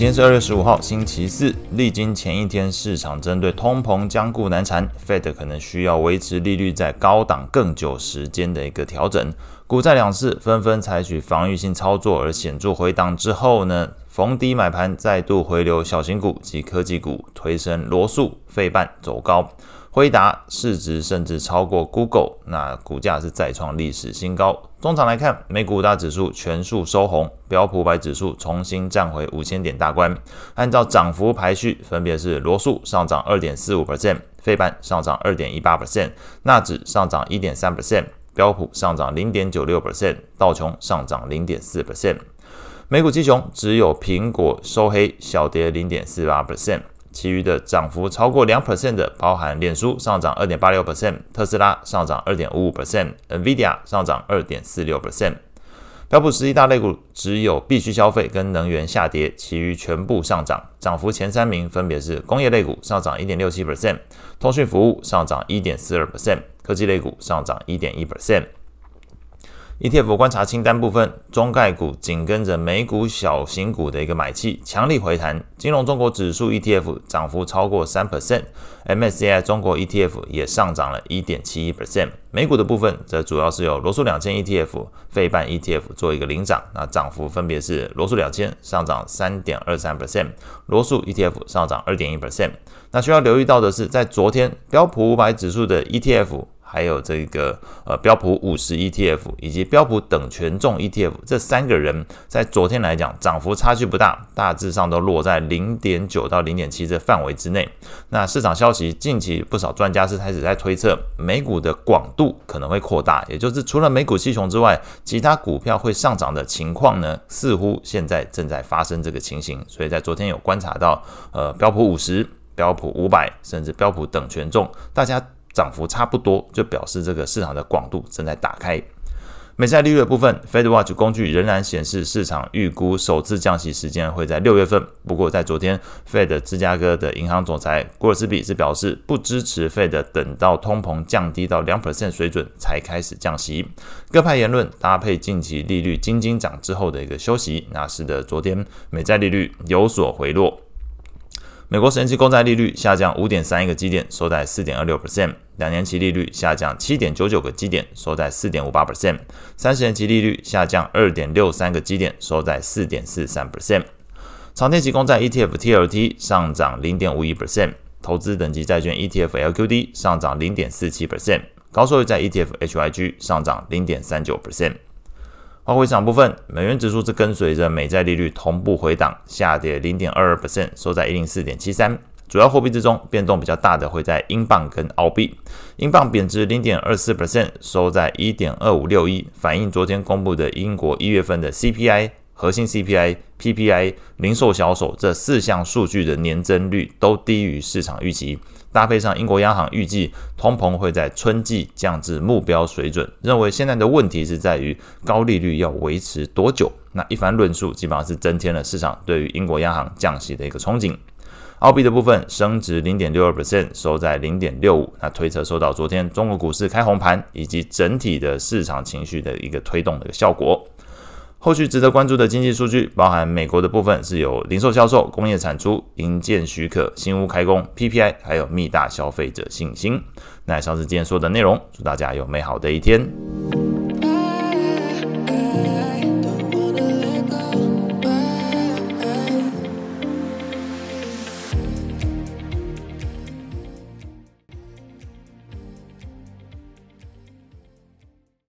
今天是二月十五號，星期四。歷經前一天市場針對通膨僵固難纏，Fed 可能需要維持利率在高檔更久時間的一個調整。股債兩市紛紛採取防禦性操作而顯著回檔之後呢，逢低買盤再度回流，小型股及科技股推升羅素費半走高。輝達市值甚至超過 Google，那股價是再創歷史新高。終場來看，美股五大指數全數收紅，標普五百指數重新站回五千點大關。按照漲幅排序，分別是羅素上漲二點四五 percent，費半上漲二點一八 percent，納指上漲一點三 percent，標普上漲零點九六 percent，道瓊上漲零點四 percent。美股七雄只有蘋果收黑，小跌零點四八 percent。其餘的漲幅超過兩 percent 的，包含臉書上漲二點八六 percent，特斯拉上漲二點五五 percent，NVIDIA 上漲二點四六 percent。標普十一大類股只有必需消費跟能源下跌，其餘全部上漲。漲幅前三名分別是工業類股上漲一點六七 percent，通訊服務上漲一點四二 percent，科技類股上漲一點一 percent。ETF 觀察清單部分，中概股緊跟着美股小型股的一個買氣強力回彈，金龍中國指數 ETF 漲幅超過三 percent，MSCI 中國 ETF 也上漲了一點七一 percent。美股的部分則主要是由羅素兩千 ETF、費半 ETF 做一個領漲，那漲幅分別是羅素兩千上漲三點二三 percent，羅素 ETF 上漲二點一 percent。那需要留意到的是，在昨天標普五百指數的 ETF。還有這個呃標普五十 ETF 以及標普等權重 ETF，這三個人在昨天來講漲幅差距不大，大致上都落在零點九到零點七的範圍之內。那市場消息，近期不少專家是開始在推測，美股的廣度可能會擴大，也就是除了美股七雄之外，其他股票會上漲的情況呢，似乎現在正在發生這個情形。所以在昨天有觀察到，呃標普五十、標普五百甚至標普等權重，大家，漲幅差不多，就表示這個市場的廣度正在打開。美債利率的部分，Fed Watch 工具仍然顯示市場預估首次降息時間會在六月份。不過，在昨天，Fed 芝加哥的銀行總裁古爾斯比是表示不支持 Fed 等到通膨降低到兩 percent 水準才開始降息。鴿派言論搭配近期利率驚驚漲之後的一個休息，那使得昨天美債利率有所回落。美國十年期公債利率下降五點三一個基點，收在四點二六 percent；兩年期利率下降七點九九個基點，收在四點五八 percent；三十年期利率下降二點六三個基點，收在四點四三 percent。長天期公債 ETF TLT 上漲零點五一 percent，投資等級債券 ETF LQD 上漲零點四七 percent，高收益債 ETF HYG 上漲零點三九 percent。外匯市場部分，美元指數是跟隨着美債利率同步回檔，下跌零點二二 percent，收在一零四點七三。主要貨幣之中，變動比較大的會在英鎊跟澳幣。英鎊貶值零點二四 percent，收在一點二五六一，反映昨天公布的英國一月份的 CPI、核心 CPI、PPI、零售銷售這四項數據的年增率都低於市場預期，搭配上英國央行預計通膨會在春季降至目標水準，認為現在的問題是在於高利率要維持多久。那一番論述基本上是增添了市場對於英國央行降息的一個憧憬。澳幣的部分升值零點六二 percent，收在零點六五。那推測受到昨天中國股市開紅盤以及整體的市場情緒的一個推動的一個效果。後續值得關注的經濟數據，包含美國的部分，是由零售銷售、工業產出、營建許可、新屋開工、PPI，還有密大消費者信心。那以上是今天說的內容，祝大家有美好的一天。